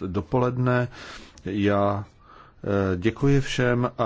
dopoledne. Já eh, děkuji všem a